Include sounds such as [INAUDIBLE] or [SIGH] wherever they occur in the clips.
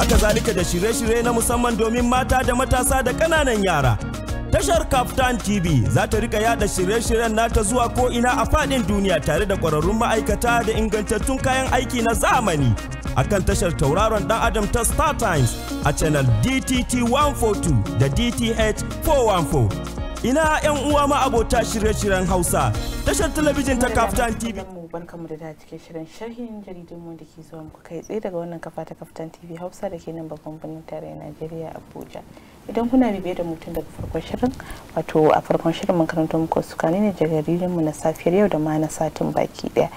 haka zalika da shirye-shirye na musamman domin mata da matasa da ƙananan yara. Tashar Kaftan TV za ta rika yada shirye-shiryen nata zuwa ko'ina a faɗin duniya tare da kwararrun ma'aikata da ingantattun kayan aiki na zamani. Akan tashar tauraron ɗan Adam ta Star Times a channel DTT 142 da DTH 414. ina 'yan uwa ma abota shirye-shiryen hausa tashar talabijin ta kaftan tv barkanmu da da cikin shirin sharhin jaridun mu da ke zuwa muku kai tsaye daga wannan kafa ta kaftan tv hausa da ke nan babban birnin tarayyar najeriya abuja idan kuna bibiye da mutum daga farkon shirin wato a farkon shirin mun karanta muku su kane ne jaridun mu na safiyar yau da ma na satin baki daya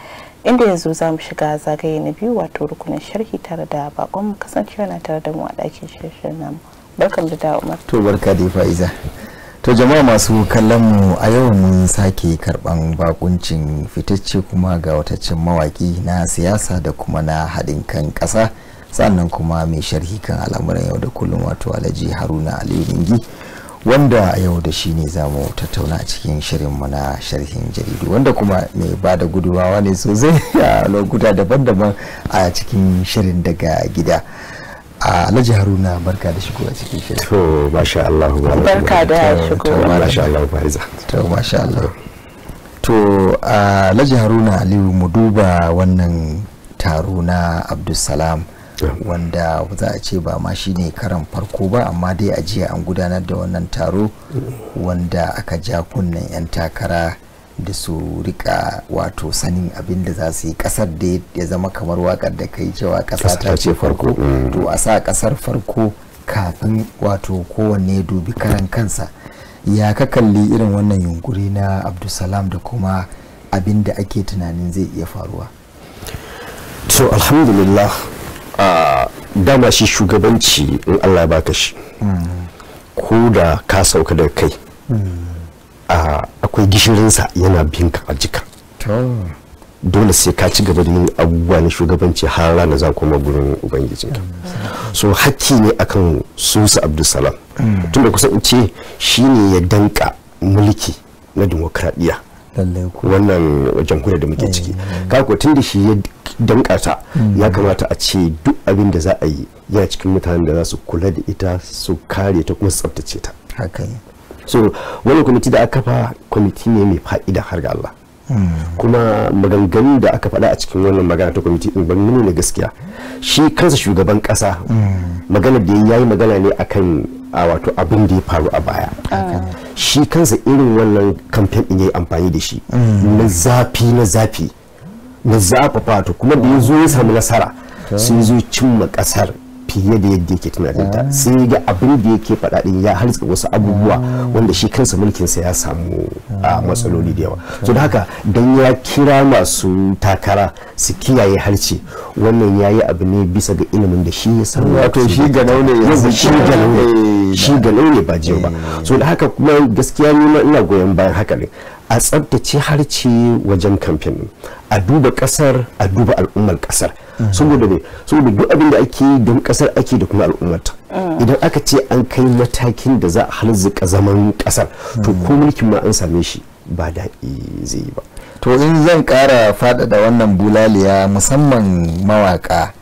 inda yanzu za mu shiga zagaye na biyu wato rukunin sharhi tare da bakon kasancewa na tare da mu a ɗakin shirin namu barkan da dawo umar to barka da fa'iza to jama'a masu kallon mu a yau mun sake karban bakuncin fitacce kuma ga wataccen mawaki na siyasa da kuma na haɗin kan ƙasa sannan kuma mai sharhi kan al'amuran yau da kullum wato alhaji haruna aliyu ringi wanda a yau da shi ne za mu tattauna a cikin shirin na sharhin jaridu wanda kuma mai ba da gudumawa ne sosai [LAUGHS] a lokuta daban-daban a cikin shirin daga gida. Alhaji Haruna barka da shigo a cikin shirin. To masha Allah barka da shigo. Masha Allah Fariza. To masha Allah. To Alhaji Haruna Aliyu mu duba wannan taro na Abdulsalam wanda za a ce ba ma shi ne karan farko ba amma dai a jiya an gudanar da wannan taro wanda aka ja kunnen 'yan takara da su rika wato sanin abin da za su yi kasar da ya zama kamar wakar da kai cewa kasa ta ce farko mm. to a sa kasar farko kafin wato kowanne dubi karan kansa ya ka kalli irin wannan yunkuri na abdulsalam da kuma abin da ake tunanin zai iya faruwa so alhamdulillah a dama shi shugabanci in allah baka shi mm. ko da ka sauka da kai mm. a akwai gishirinsa yana binka a jika dole sai ka ci gaba da yin abubuwa na shugabanci har rana za koma gurin ubangijin so hakki ne akan susa abdulsalam mm. tunda kusan ce shine ya danka mulki na demokradiyya wannan jamhuriyar da muke ciki mm. kako tun da shi ya danka ta mm. ya kamata a ce duk abin da za a yi yana cikin mutanen da za su kula da ita su kare ta kuma su tsabtace ta so wani kwamiti da aka fa kwamiti ne mai fa'ida har ga Allah kuma maganganu da aka faɗa a cikin wannan magana ta kwamiti din ban nuna gaskiya shi kansa shugaban ƙasa magana da ya yi magana ne akan a wato abin da ya faru a baya shi kansa irin wannan kamfen in ya yi amfani da shi na zafi na zafi na zafafa to kuma da ya zo ya samu nasara sun zo cimma ƙasar fiye da yadda yake tunanin ta ah. sai ga abin da yake faɗa ya harzika wasu abubuwa ah. wanda shi kansa mulkin sa ya samu ah, matsaloli da yawa so da haka dan ya kira masu takara su kiyaye harce wannan yayi abu ne bisa ga ilimin da shi ya san wato shi ganau ya yanzu shi ga ne shi ga ba jiya ba eh. so da haka kuma gaskiya ni ina goyon bayan haka ne a tsabtace harce wajen kamfen a duba kasar a duba al'ummar kasar saboda ne saboda duk abin da ake yi don kasar ake da kuma ta idan aka ce an kai matakin da za a halzuka zaman kasar to ko mulkin ma an same shi ba da zai ba to in zan ƙara faɗaɗa wannan bulaliya musamman mawaƙa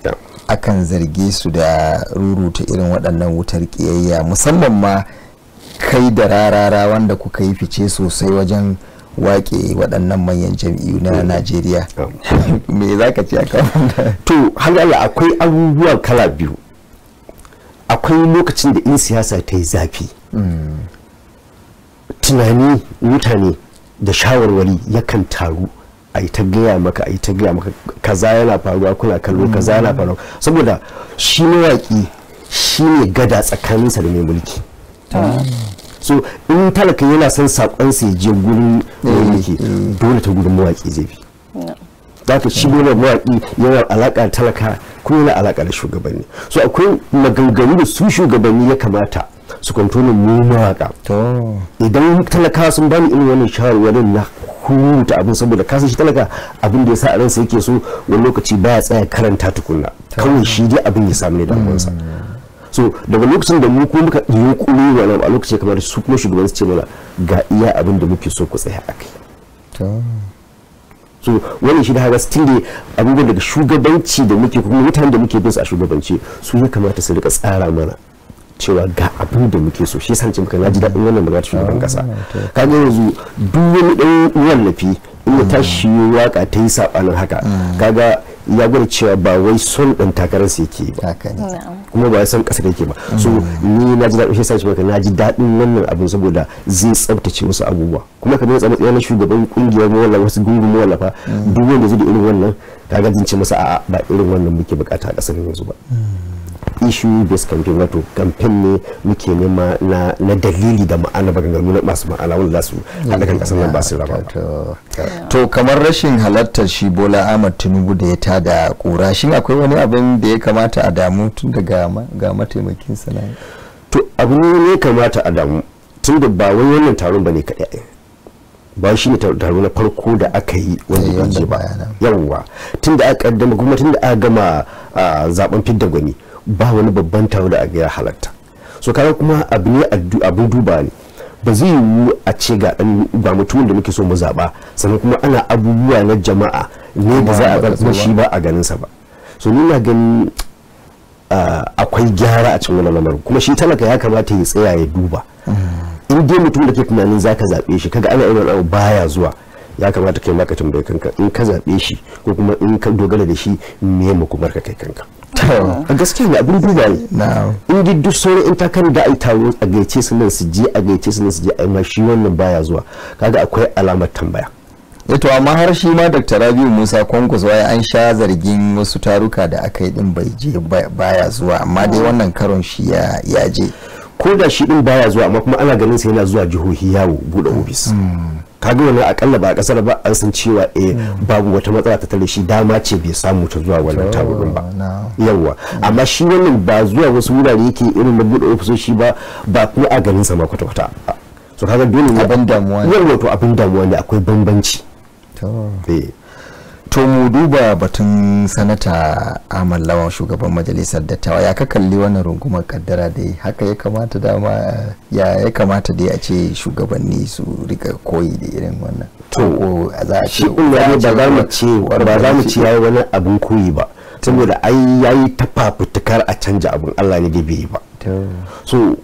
akan zarge su da ruruta irin waɗannan wutar ƙiyayya musamman ma kai da rarara wanda kuka yi fice sosai wajen waƙe waɗannan manyan jam'iyyu na mm. najeriya [LAUGHS] me za ka ce a to halala akwai abubuwa kala biyu akwai lokacin da in siyasa ta yi zafi mm. tunani mutane da shawarwari yakan taru a yi ta gaya maka a yi ta gaya maka kaza yana faruwa kuna kallo mm. kaza yana faruwa saboda shi mawaƙi shi ne gada tsakaninsa da mai mulki so in talaka yana son sakon sai je gurin yake mm, mm. dole ta gurin mawaki zai bi za ka shi dole mawaki yana alaka talaka kuma yana alaka da shugabanni so akwai maganganu da su shugabanni ya kamata su kwantonin mu mawaka idan talaka sun bani irin wannan shawarwarin na huta abin saboda kasan shi talaka abin da ya sa a ransa yake so wani lokaci ba baya tsaya karanta tukunna kawai shi dai abin ya samu ne damuwarsa mm. so daga lokacin da mu ko muka yi kuri wannan a lokacin kamar su kuma shugaban su ce mana ga iya abin da muke so ku tsaya a kai so wani shi da haka still da abubuwan daga shugabanci da muke kuma mutanen da muke bin su a shugabanci su ya kamata su rika tsara mana cewa ga abin da muke so shi sanci muka naji daɗin wannan magana shugaban kasa ah, kaga yanzu duk wani ɗan wallafi in ya tashi waka ta yi sabanin haka mm. kaga ya gwada cewa ba wai son takarar takararsa yake ba kuma ba son ƙasar yake ba so ni na ji daɗin shi sashi na ji daɗin wannan abin saboda zai tsabtace wasu abubuwa kuma kamar yadda matsayin shugaban kungiyar mawala wasu gungun mawallafa mm. duk wanda zai da irin wannan ta gajince masa a'a ba irin wannan muke bukata a ƙasar yanzu ba. Mm. issue based campaign wato campaign ne muke nema na dalili da ma'ana maganganu na masu ma'ana wanda za su haɗa kan ƙasar nan ba su raba to kamar rashin halartar shi bola ahmad tinubu da ya tada kura shin akwai wani abin da ya kamata a damu tun daga ga mataimakin sana'a to abu ne ya kamata a damu tun da ba wani wannan taron ba ne kadai ba shi ne taro na farko da aka yi wanda ya je ba yawwa tun da aka kaddama kuma tun da aka gama ah, zaben fidda gwani ba wani babban taro da aga ya halatta so kaga kuma abu ne abin duba ne ba zai yiwu a ce ga dan ba mutumin da muke so mu zaba sannan kuma ana abubuwa na jama'a ne da za a ga shi ba a ganin sa ba so ni na ganin akwai gyara a cikin wannan lamarin kuma shi talaka ya kamata ya tsaya ya duba hmm. in dai mutum da ke tunanin zaka zabe shi kaga ana irin abu baya zuwa ya kamata kai maka tambaye kanka in ka zabe shi ko kuma in ka dogara da shi me kuma ka kai kanka Oh. a gaskiya ne abin duba ne in di duk sauran in takar da ai taro a gaice su nan su je a gaice su nan su je amma shi wannan baya zuwa kaga akwai alamar tambaya eh to amma har shi ma dr rabiu musa kwankwas wai an sha zargin wasu taruka da aka yi din bai je baya zuwa amma dai wannan karon shi ya je ko da shi din baya zuwa amma kuma ana ganin sa yana zuwa jihohi yawo bude ofis hmm. kaga wani akalla ba a kasar ba an san cewa eh babu wata matsala ta tare shi dama ce bai samu ta zuwa wannan tarurin ba yawwa amma shi wannan ba zuwa wasu wurare yake irin na buɗe ofisoshi ba ba kuma a garin sa ma kwata-kwata so kaga dole ne abin damuwa ne yawwa to abin damuwa ne akwai bambanci eh to mu duba batun sanata amal lawan shugaban majalisar dattawa ya ka kalli wannan rungumar kaddara da haka ya kamata dama ya ya kamata dai a ce shugabanni su riga koyi da irin wannan to za a ce ba za mu ce ba za mu ce yayi wani abin koyi ba saboda ai yayi fafutukar a canja abin Allah ne da bai ba so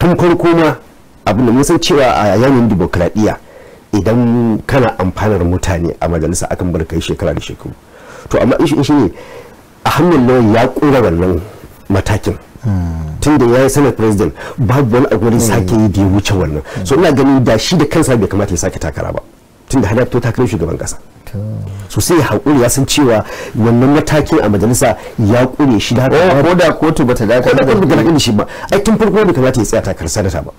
tun farko ma abin da mun san cewa a yanayin dimokuraɗiyya idan kana amfanar mutane a majalisa akan bar kai shekara da shekaru to amma in shi ne a hannun lawan ya kura wannan matakin tun da ya yi sanar president babu wani agwari sake yi da ya wuce wannan so ina ganin da shi da kansa bai kamata ya sake takara ba tun da hada ta takarar shugaban kasa so sai haƙuri ya san cewa wannan matakin a majalisa ya ƙure shi da haka eh, ko da kotu bata dakatar da shi ba ai tun farko bai kamata ya tsaya takarar sanata ba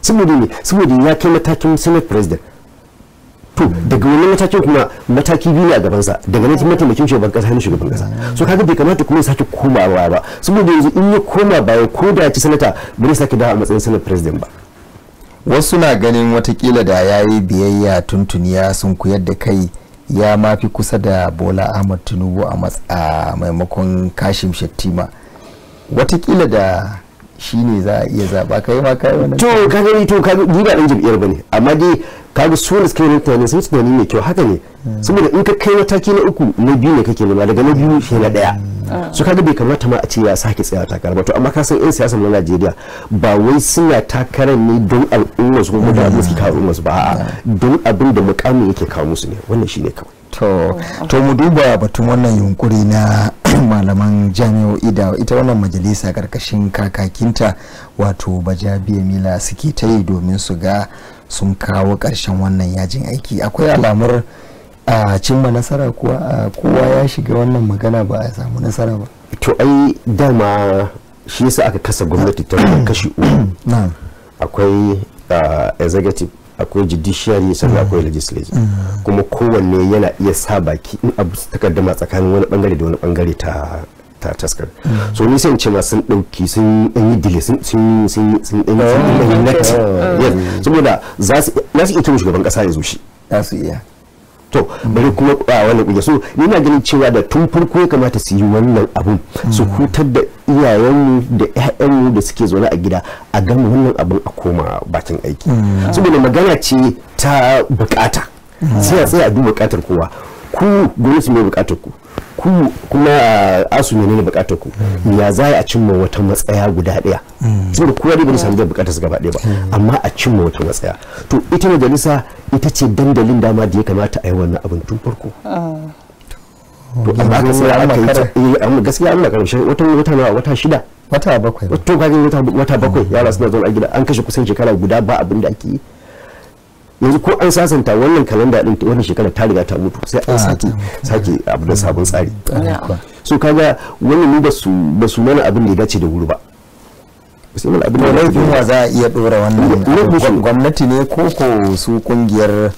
saboda ne saboda ya kai matakin senate president to daga wani matakin kuma mataki biyu ne a gabansa daga nan mataimakin shugaban kasa ne shugaban kasa so kaga bai kamata kuma ya sake komawa ba saboda yanzu in ya koma baya ko da ya ci sanata bai sake dawo a matsayin senate president ba wasu na ganin watakila da ya yi biyayya ya sun kuyar da kai ya mafi kusa da bola ahmad tinubu a maimakon kashim shattima watakila da shine za a iya zaba kai ma kai wani to ka gani to ka ni ba dan jam'iyyar bane amma dai kaga su da suka yi tunani sun ci tunani mai kyau haka ne saboda in ka kai mataki na uku na biyu ne kake nema daga na biyu shi na daya ah. su kaga bai kamata ma a ce ya sake tsaya takara ba to amma ka san yan siyasar na Najeriya ba wai suna takarar ne don al'ummar su kuma da suke kawo musu ba a'a don abin da mukamin yake kawo musu ne wannan shine kawai to mu duba batun wannan yunkuri na [CLEARS THROAT] malaman jami'o'i da ita wannan majalisa karkashin kakakinta wato biya mila suke ta yi domin su ga sun kawo ƙarshen wannan yajin aiki akwai alamar a cimma nasara kowa ya shiga wannan magana ba a samu nasara ba to ai dama shi yasa aka kasa gwamnati ta kashi uku [CLEARS THROAT] akwai executive akwai judiciary sannan akwai legislature kuma kowanne yana iya sa baki in abu takaddama tsakanin wani bangare da wani bangare ta ta taskar so ni sai ce ma sun dauki sun yi dile sun sun sun sun yi saboda za su iya turo shugaban kasa ya zo shi za su iya to bari kuma a wannan kungiya so ni ganin cewa da tun farko ya kamata su yi wannan abun su hutar da iyayenmu da ƴaƴanmu da suke zaune a gida a gama wannan abun a koma bakin aiki mm. saboda magana ce ta bukata sai a tsaya a duba bukatar kowa ku gwamnati mai bukatar ku ku kuma asu ne ne bukatar ku ya za a cimma wata matsaya guda daya saboda kowa dai bai samu da bukatar su gaba daya ba amma a cimma wata matsaya to ita majalisa ita ce dandalin dama da ya kamata a yi wannan abin tun farko to amma ka sai aka yi amma gaskiya Allah karshe eh, wata wata na wata shida wata bakwai to kaga wata bakwai yara suna zuwa a gida an kashe kusan shekara guda ba abin da ake yi yanzu ko an sasanta wannan kalanda din wannan shekara ta riga ta mutu sai an ah, sake sake abu da sabon tsari so kaga wannan su ba su mana abin da ya dace da wuri ba sai abin da laifin wa za a iya dora wannan gwamnati ne ko ko su kungiyar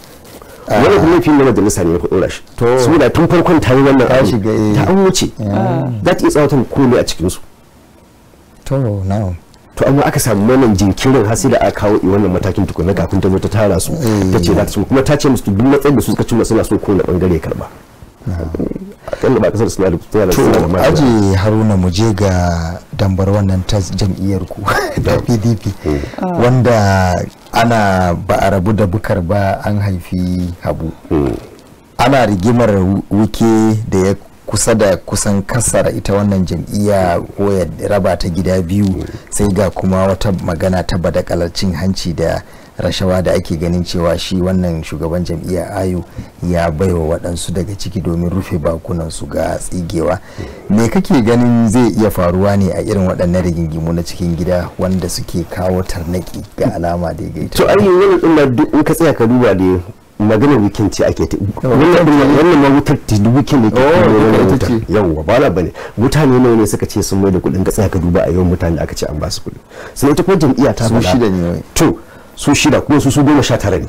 wani kuma ah, laifin na majalisa ne ya dora shi su da tun farkon ta yi wannan abu ta an eh. wuce ah. za ta iya tsawatan komai a cikin su to now to amma aka samu wannan jinkirin har sai da aka kawo wannan matakin tukuna kafin ta zo ta tara su eh. ta ce za ta kuma ta ce musu duk matsayin da su suka cimma suna so na bangare karba akalla ba kasar suna da suna da aje haruna mu je ga dambar wannan ta jam'iyyar ku da [LAUGHS] pdp hmm. ah. wanda ana ba a rabu da bukar ba an haifi habu hmm. ana rigimar wuke da ya kusa da kusan kasar ita wannan jam'iyya ko ya raba ta gida biyu sai ga kuma wata magana ta badakalar cin hanci da rashawa da ake ganin cewa shi wannan shugaban jam'iyyar ayu ya baiwa waɗansu daga ciki domin rufe bakunansu ga tsigewa me kake ganin zai iya faruwa ne a irin waɗannan rigingimu na cikin gida wanda suke kawo tarnaki ga alama da ya to ayi wani duk in ka tsaya ka duba da magana wikin ce ake wannan ma wutar ta weekend da ke oh, yawwa ba la bane mutane nawa ne suka ce sun mai da kuɗin ka tsaya ka duba a yawan mutane aka ce an ba su kuɗi sannan ita kuma jam'iyya ta fara shida ne to su shida kuma su su goma sha tara ne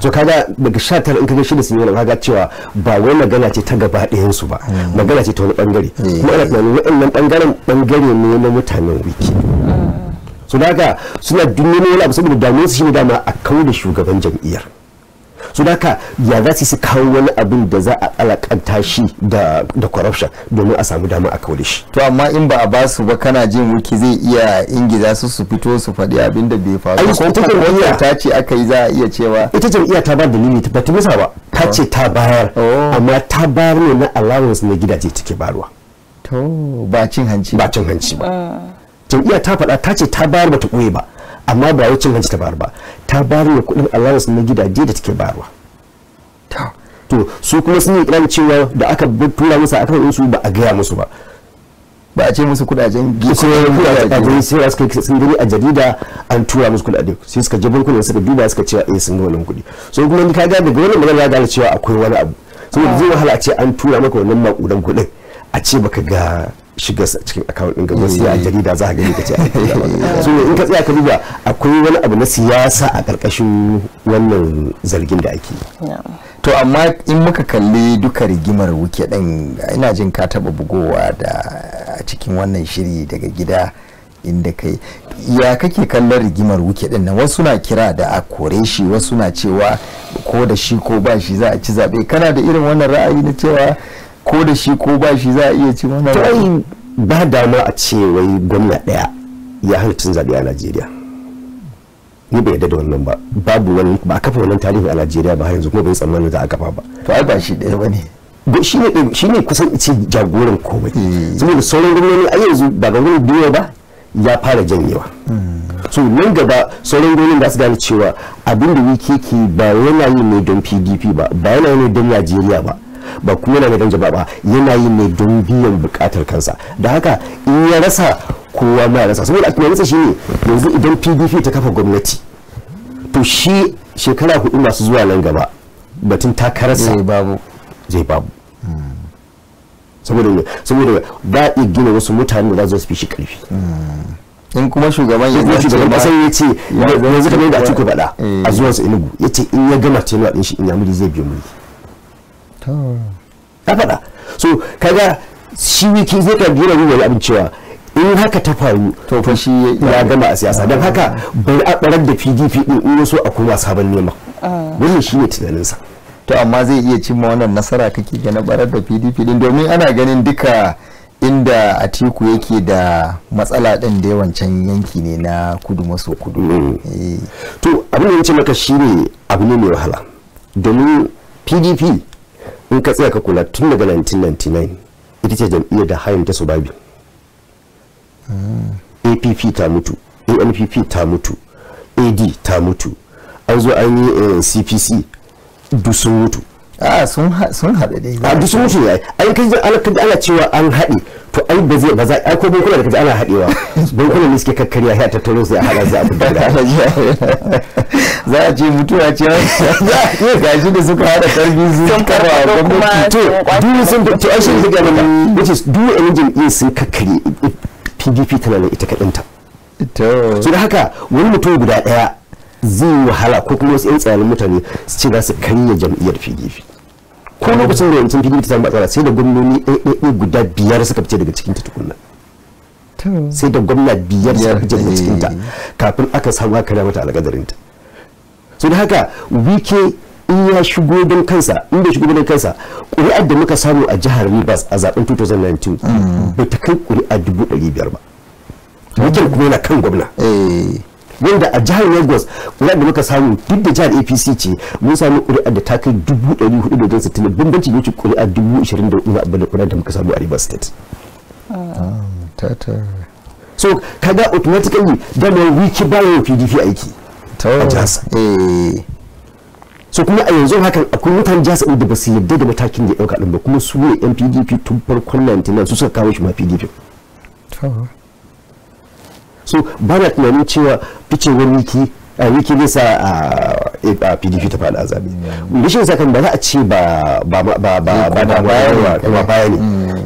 to kaga daga sha tara in kaga shida sun yi kaga cewa ba wai magana ce ta gaba ɗayan su ba hmm. magana ce ta wani bangare eh. kuma ana tunanin waɗannan bangaren bangare ne na mutanen wiki ah. suna duniya ne wani abu saboda su shi ne dama a kawo da shugaban jam'iyyar so haka ya za su kawo wani abin da za a alakanta shi da corruption domin a samu dama a kawo shi to amma in ba a ba su ba kana jin wuki zai iya ingiza su su fito su faɗi abin da bai faru ko kuma ta ce aka yi za a iya cewa ita jam'iyya ta ba limit ba ta musa ba ta oh. ce ta bayar oh. amma ta bayar ne na allowance na gidaje take barwa to ba cin hanci ba cin hanci ba ah. jam'iyya ta faɗa ta ce ta bayar ba ta ɓoye ba amma ba wai cin hanci ta bayar ba ta bayar ne kuɗin allowance na gidaje da take bayarwa to su kuma sun yi kiran cewa da aka tura musu aka yi su ba a gaya musu ba ba a ce musu kudajen kudajen sai suka sun gani a jarida an tura musu kudaden sai suka je bankunan suka duba suka ce eh sun ga wannan kudi so kuma ni ka ga daga wannan magana ya gane cewa akwai wani abu saboda zai wahala a ce an tura maka wannan makudan kudin a ce baka ga shiga cikin account din gaba sai a mm. jarida za ka gani ce [LAUGHS] so in ka tsaya ka duba akwai wani abu na siyasa a ƙarƙashin wannan zargin da ake to amma in muka kalli duka rigimar wuke ɗin ina jin ka taba bugowa da a cikin wannan shiri daga gida inda kai ya kake kallon rigimar wuke din nan wasu na kira da a kore shi wasu na cewa ko da shi ko ba shi za a ci zaɓe kana da irin wannan ra'ayi na cewa ko da shi ko ba shi za a iya ci wannan to ba dama a ce wai gwamna daya ya halittun zaɓe a Najeriya ni bai yadda da wannan ba babu wani ba a kafa wannan tarihi a Najeriya ba har yanzu kuma bai tsammanin za a kafa ba to ai ba shi daya bane shi ne shi ne kusan ce jagoran komai mm. saboda sauran gwamnoni a yanzu ba ga wani biyu ba ya fara janyewa mm. so nan gaba sauran gwamnoni za su gane cewa abin da wike ke ba yana yi ne don pdp ba ba yana yi ne don najeriya ba ba kuma yana ne jaba ba yana yi ne don biyan bukatar kansa da haka in ya rasa kowa ma ya rasa saboda akwai tunaninsa shi ne yanzu idan pdp ta kafa gwamnati to shi shekara hudu masu zuwa nan gaba batun takararsa zai babu zai babu saboda saboda ba iya gina wasu mutane da za su fi shi karfi in kuma shugaban ya kuma shugaban sai ya ce yanzu kamar da cikin faɗa a eh. zuwansa inugu ya ce in ya gama tenuwa din shi in yamuri zai biyo mulki ta faɗa so kaga shi wiki zai kan jira wuyar abin cewa in haka ta faru to fa shi ya gama a siyasa don haka bar a barar da pdp din in so a kuma sabon nema wannan shi ne tunaninsa to amma zai iya cimma wannan nasara kake ga barar da pdp din domin ana ganin duka inda atiku yake da matsala din da yawancan yanki ne na kudu maso kudu to abin da ya ce maka shine abu ne mai wahala domin pdp in ka tsaya ka kula tun daga 1999 ita ce jam'iyyar da hayan ta su babi app ah. ta mutu anpp ta mutu ad ta mutu an zo an yi cpc eh, duk sun mutu a ah, sun haɗe dai a ah, duk sun wuce yayi ai kan ji ana kan ana cewa an haɗe to ai ba zai ba za ai ko bankuna da kaji ana haɗewa [LAUGHS] bankuna ne suke kakkarya ya tattaro sai a haɗa za a fita da [LAUGHS] za a ce mutuwa ce ya a gashi da suka haɗa karbi sun karwa gwamnati to duk sun to ai shi ne ga nan which is duk wani jam'iyyar sun kakkarye eh, eh, PDP tana da ita kaɗanta to da haka wani mutum guda ɗaya zai wahala ko kuma wasu 'yan tsayanin mutane su ce za su karya jam'iyyar pdp ko lokacin da yancin pdp ta samu matsala sai da gwamnoni ɗaiɗaiɗai guda biyar suka fice daga cikin ta tukunna sai da gwamna biyar suka fice daga eh. cikin ta kafin aka samu aka mata alƙadarin ta so da haka wike in ya shigo don kansa in bai shigo don kansa ƙuri'ar da muka samu a jihar rivers a zaben 2019 mm. bai ta kai ƙuri'ar dubu ɗari biyar ba wajen kuma yana kan gwamna eh. wanda a jihar lagos kula da muka samu duk da jihar apc ce mun samu kuri'a da ta kai dubu ɗari hudu da jinsu tuni bambanci ne kuri'a dubu ishirin da hudu a da kuri'a da muka samu a river state. Ah, so kaga automatically mai wiki bayan pdp aiki a jihar eh. so kuma a yanzu hakan akwai mutane jasa da ba su da matakin da ya ɗauka ɗin ba kuma su ne yan pdp tun farkon 99 su suka kawo shi ma pdp. so ba na tunanin cewa ficewar wiki eh, eh, eh, a wiki nisa a pdp ta faɗa zaɓe mm. rashin sakan ba za a ce ba ba ba ba da bayan kuma baya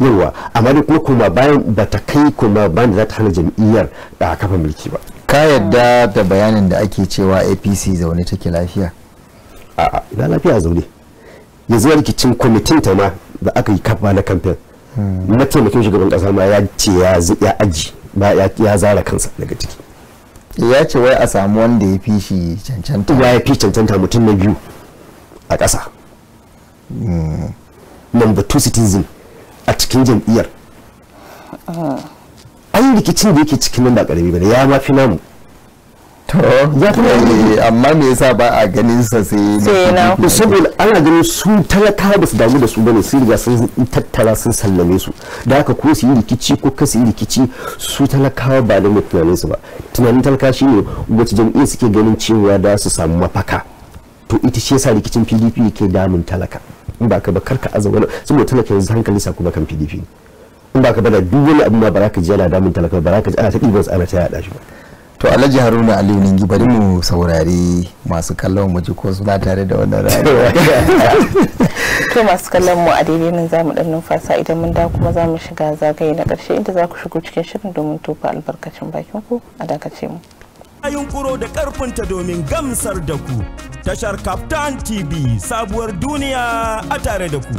ne yawa mm. amma dai kuma kuma bayan ba ta kai kuma bayan da za ta hana jam'iyyar da kafa mulki ba ka yadda da bayanin da ake cewa apc zaune take lafiya a'a ina lafiya zaune yanzu rikicin kwamitin ta ma da aka yi kafa na kamfen mm. mataimakin shugaban kasa ma ya ce ya aji ba ya zara kansa daga ciki ya ce wai a samu wanda ya fi shi cancanta ya fi cancanta mutum na biyu a ƙasa hmm. number two citizen a cikin jam'iyyar an ah. rikicin da yake cikin nan ba ƙarami ba ya mafi namu to amma me yasa ba a ganin sa sai saboda ana ganin su talaka ba su damu da su bane sun riga sun tattara sun sallame su da haka ko su yi rikici ko ka su yi rikici su talakawa ba da tunanin su ba tunanin talaka shi ne wacce jam'iyya suke ganin cewa da su samu mafaka to ita ce yasa rikicin PDP yake damun talaka in ba ka ba karka azaba saboda talaka yanzu hankali sa kuma kan PDP in ba ka ba da duk wani abu ma ba za ka ji yana damun talaka ba za ka ji ana ta ɗiban ana ta yaɗa shi ba to alhaji haruna aliyu ningi bari mu saurari masu kallon mu ji suna tare da wannan rayuwa [LAUGHS] to masu kallon mu a daidai nan zamu dan numfasa idan mun da kuma zamu shiga zagaye na karshe inda za ku shigo cikin shirin domin tofa albarkacin bakin ku a dakace mu yunkuro da karfinta domin gamsar da ku tashar captain tv sabuwar duniya a tare da ku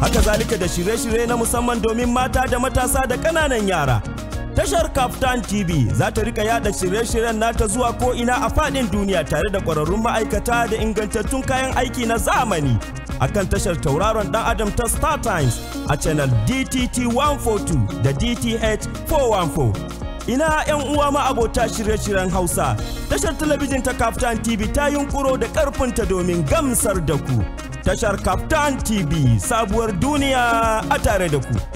haka zalika da shirye-shirye na musamman domin mata da matasa da ƙananan yara. Tashar Kaftan TV za ta rika yada shirye-shiryen nata zuwa ko'ina a faɗin duniya tare da ƙwararrun ma'aikata da ingantattun kayan aiki na zamani. Akan tashar tauraron ɗan Adam ta Star Times a channel DTT 142 da DTH 414. ina 'yan uwa ma abota shirye-shiryen Hausa. Tashar talabijin ta Kaftan TV ta yunkuro da ƙarfinta domin gamsar da ku. tashar Captain TV sabuwar duniya a tare da ku.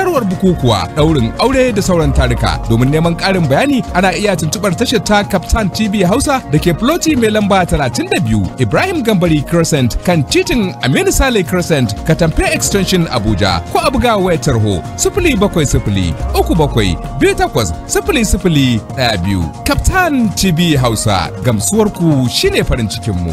sanarwar bukukuwa, ɗaurin aure da sauran tarika. Domin neman karin bayani ana iya tuntuɓar tashar ta Captain TV Hausa da ke Ploti mai lamba 32 Ibrahim Gambari Crescent kan titin Aminu Sale Crescent Katamfe Extension Abuja ko a buga wayar tarho 070 37 Captain TV Hausa gamsuwar ku shine farin cikin mu.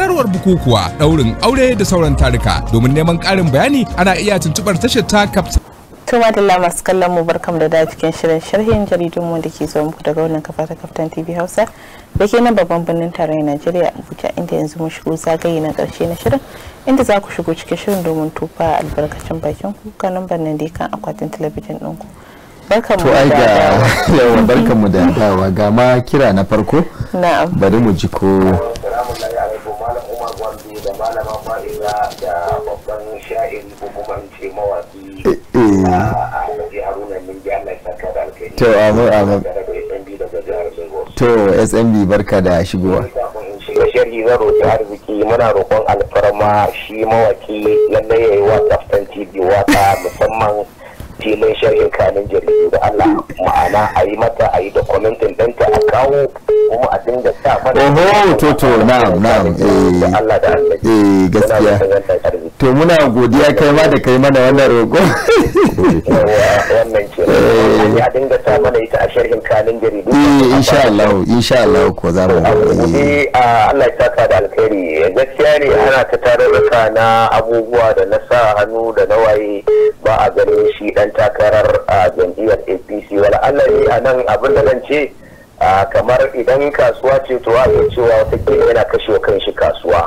sanarwar bukukuwa daurin aure da sauran tarika domin neman karin bayani ana iya tuntuɓar tashar ta kafta Tuma da masu kallon mu barkam da dafikin shirin sharhin jaridun mu da ke zuwa muku daga wannan kafa ta kaftan TV Hausa da ke nan babban birnin tarayyar Najeriya Abuja inda yanzu mun shigo zagaye na karshe na shirin inda za ku shigo cikin shirin domin tufa albarkacin bakin ku ka nan nan da kan akwatin talabijin din ku. Barkanmu da dawa. [LAUGHS] da dawa ga ma kira na farko. Na'am. Bari mu ji ko wallahi arabo malam umar da malama fa'iza da babban sha'iri ko kuma in ce eh, eh. a hannun haruna min ji allah ya da alkhairi to amin amin to smb barka da shigowa da sharhi zan roƙi arziki muna roƙon alfarma shi mawaƙi lallai ya yi wata ftanci waka musamman filin sharhin kanin jaridu da Allah ma'ana a yi mata a yi da kwamitin danta a kawo kuma a dinga sa fara oho to to na'am na'am eh Allah da Allah eh gaskiya to muna godiya kai ma da kai mana wannan roƙo wannan ce [LAUGHS] eh. a dinga sa mana ita a sharhin kanin jaridu eh insha Allah insha Allah ko za mu eh Allah ya saka da alkhairi gaskiya ne ana ta tarurruka na abubuwa da na sa hannu da na waye ba a ganin shi dan takarar a jam'iyyar apc wala allah ne a nan abin da zan ce kamar idan kasuwa ce to a cewa wata yana kashe wa shi kasuwa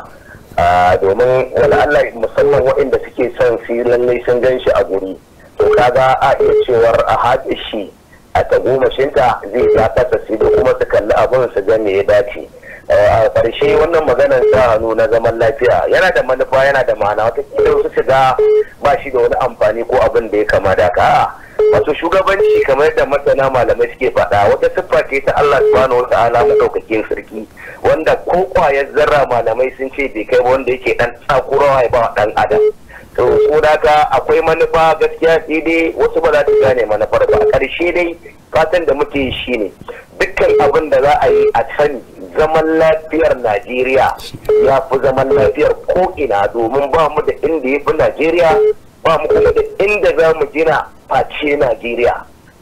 domin wala allah musamman waɗanda suke son filin lallai sun gan shi a guri to kaga a iya cewar a haɗe shi a tagomashinta zai ya kasa su da kuma su kalli abin su me ya dace Eh, a ƙarshe wannan maganar sa hannu na zaman lafiya yana da manufa yana da ma'ana watakila wasu su ga ba shi da wani amfani ko abin da ya kama da ka wato shugabanci kamar yadda masana malamai suke faɗa wata siffa ce ta Allah subhanahu wa na ɗaukakin sarki wanda ko kwayar zarra malamai sun ce bai kai wanda yake ɗan tsakurawa ya ba wa ɗan adam to ko ka akwai manufa gaskiya sai dai wasu ba za ta gane manufar ba a ƙarshe dai fatan da muke shi ne dukkan abin da za a yi a can zaman lafiyar najeriya ya fi zaman lafiyar ko'ina domin ba mu da inda ya fi najeriya ba mu kuma da inda za mu gina face najeriya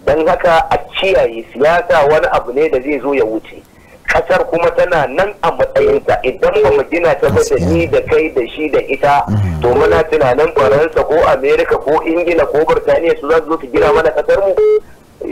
don haka a kiyaye siyasa wani abu ne da zai zo ya wuce kasar kuma tana nan a matsayinta idan ba mu gina ta da ni da kai da shi da ita mm-hmm. to muna tunanin faransa ko amerika ko ingila ko birtaniya su za su zo su gina mana kasar mu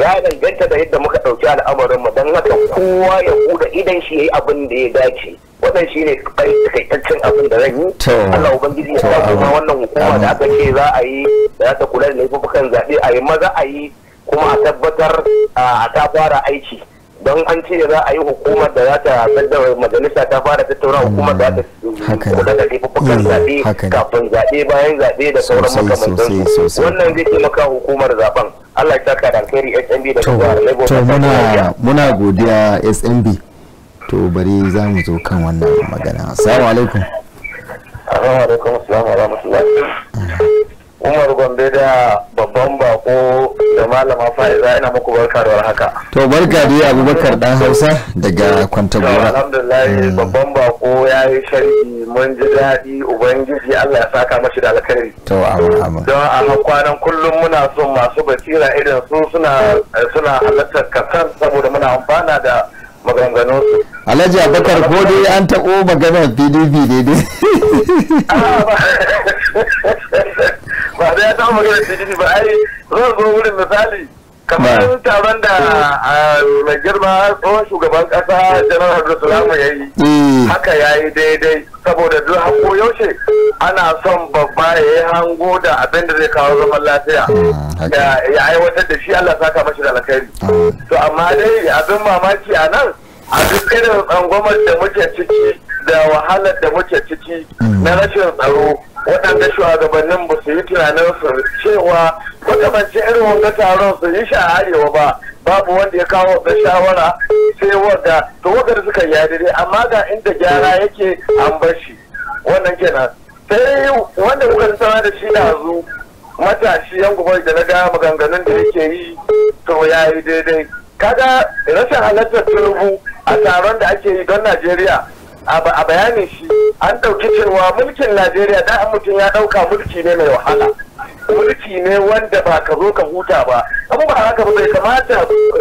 ya danganta da yadda muka ɗauki al'amarin mu don haka kowa ya buɗe idan shi yayi yi abin da ya dace wannan shi ne takaitaccen abin da zan yi Allah ubangiji ya sa kuma wannan hukuma da aka ce za a yi da za ta kula da laifukan zaɓe a yi maza a yi kuma a tabbatar a ta fara aiki don an ce za a yi hukumar da za ta da majalisa ta fara tattauna hukumar da za ta kula da laifukan zaɓe kafin zaɓe bayan zaɓe da sauran makamantan wannan zai taimaka hukumar zaben Allah ya saka da alkhairi SMB da kuma to muna muna godiya SMB to bari za mu zo kan wannan magana assalamu alaikum assalamu alaikum assalamu alaikum Umar Gombe da babban bako da malama fa'iza ina muku barka da haka. To barka da Abubakar dan Hausa daga Kwantagora. Alhamdulillah eh. babban bako ya yi sharhi mun ji daɗi Ubangiji Allah ya saka mashi da alkhairi. To amma amma. Don a kwanan kullum muna son masu basira irin su suna suna halartar kasar saboda muna amfana da maganganu alhaji abubakar ko dai an taɓo maganar pdp ne dai [LAUGHS] ba da ya taɓa maganar pdp ba ai zo zo wurin misali kamar taron da mai girma tsohon shugaban kasa janar Salamu ya yi mm. haka ya yi daidai saboda duk hango yaushe ana son babba ya yi hango da abin da zai kawo zaman lafiya mm, ya aiwatar da shi allah saka mashi da alkhairi mm. to amma dai abin mamaki a nan a duk irin tsangwamar da muke ciki da wahalar da muke ciki na rashin tsaro waɗanda shugabannin ba su yi tunanin su cewa makamancin irin wanda taron su yi shi arewa ba babu wanda ya kawo da shawara sai wanda to wanda suka yi daidai amma ga inda gyara yake an bar shi wannan kenan sai wanda muka sama da shi yanzu matashi yan gubar da na ga maganganun da yake yi to ya yi daidai kaga rashin halartar turbu a taron da ake yi don najeriya a bayanin shi an ɗauki cewa mulkin najeriya da mutum ya ɗauka mulki ne mai wahala mulki ne wanda ba ka zo ka huta ba abu ba haka ba bai kamata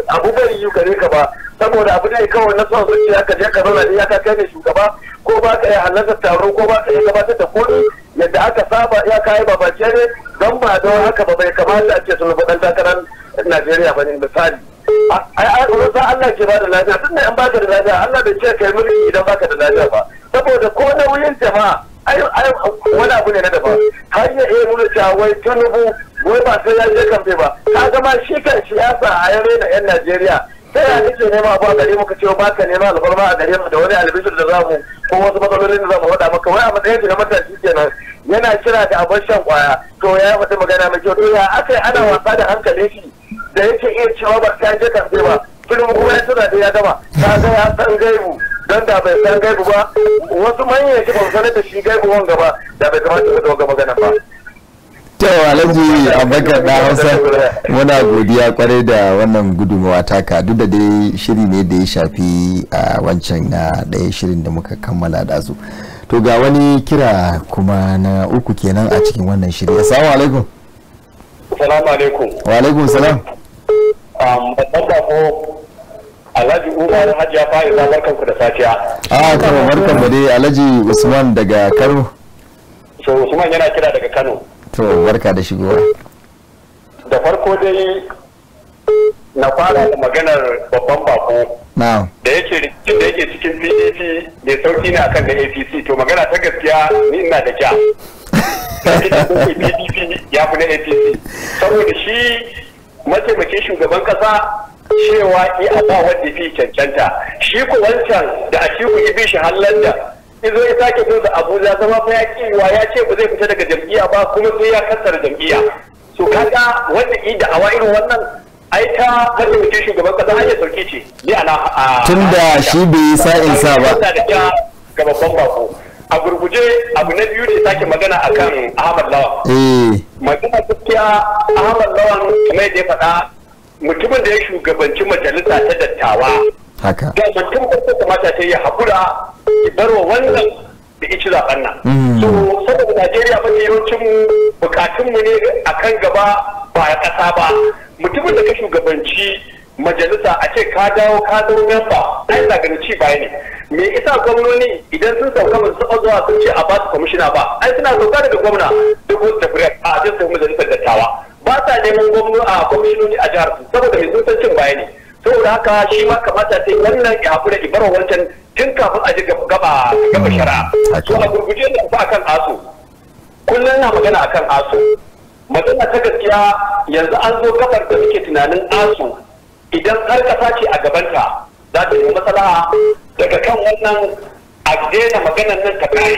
abu bai yi gare ka ba saboda abu ne kawai na son zuci ka je ka zauna ne ka kai ne shugaba ko ba ka yi halartar taro ko ba ka yi gabatar da kuɗi yadda aka saba ya ba bace ne don ba don haka ba bai kamata a ce sun takara takarar najeriya ba ne misali ai Allah ke bada lafiya tun da in baka da lafiya Allah bai ce kai mulki idan baka da lafiya ba saboda ko nauyin jama'a ai wani abu ne na daban har ya iya nuna cewa wai tunubu wai ba sai ya je kamfe ba ka zama shi kan siyasa a yare na yan Najeriya sai ya nake nema abu a gare ka ce ba ka nema alfarma a gare mu da wani albishir da zamu ko wasu matsalolin da zamu faɗa maka wai a matsayin na matashi kenan yana kira da abin shan kwaya to ya faɗi magana mai kyau to ya aka yi ana wasa da hankalin shi da yake iya cewa ba ta je karfe ba filin kuma ya tuna da ya gama ta ga ya san gaibu don da bai san gaibu ba wasu manyan shi ba sanar da shi gaibu wanga ba da bai kamata su doga magana ba Kyau Alhaji Abubakar da Hausa muna godiya kwarai da wannan gudunmawa taka duk da dai shiri ne da ya shafi a wancan ɗaya shirin da muka kammala da su. To ga wani kira kuma na uku kenan a cikin wannan shiri. Assalamu alaikum. Assalamu alaikum. Wa alaikum salam. Um, babban bako Alhaji Umar Hajiya Fa'iza barkan ku da safiya. A ah, kuma barkan mu dai Alhaji Usman daga Kano. So Usman yana kira daga Kano. To barka da shigowa. Da farko dai na fara da maganar babban bako. Da yake da yake cikin PDP ne sauki ne akan da APC to magana ta gaskiya ni ina da kya. PDP [LAUGHS] ya fi na APC saboda shi mataimakin shugaban kasa cewa yi a ba wanda fi cancanta shi ku wancan da a ciku ibi shi hallanda izo ya sake kun da abuja zama fa ya kiwa ya ce ba zai fita daga jam'iyya ba kuma sai ya kasar jam'iyya so kaga wanda i da awa irin wannan ai ta mataimakin shugaban kasa har sauki ce ni ana da shi bai yi sa'in sa ba ga babban bako a gurguje abu na biyu ne sake magana akan ahmad lawa eh. magana gaskiya Ahmad Lawan kamar da ya faɗa mutumin da ya shugabanci majalisa ta dattawa haka da mutum da kamata ta yi haƙura bar wa wannan da ici zaben nan mm. so saboda Najeriya ba ne yawancin mu bukatun mu ne akan gaba ba ƙasa ba mutumin da ka shugabanci majalisa a ce ka dawo ka dawo memba ai na ganin ci baya ne me isa gwamnoni idan sun sauka ba su zuwa sun ce a ba kwamishina ba ai suna sauka daga gwamna duk da fure a jin sai majalisar dattawa ba sa neman gwamnoni a kwamishinoni a jihar su saboda mai sun cin baya ne saboda haka shi ma kamata sai wannan ya haƙura bar wancan tun kafin a ji gaba gaba shari'a to a gurguje ne ba akan aso kullum na magana akan aso magana ta gaskiya yanzu an zo gabar da muke tunanin aso idan har kasa ce a gabanta za ta yi maslaha daga kan wannan a daina maganan nan ta kai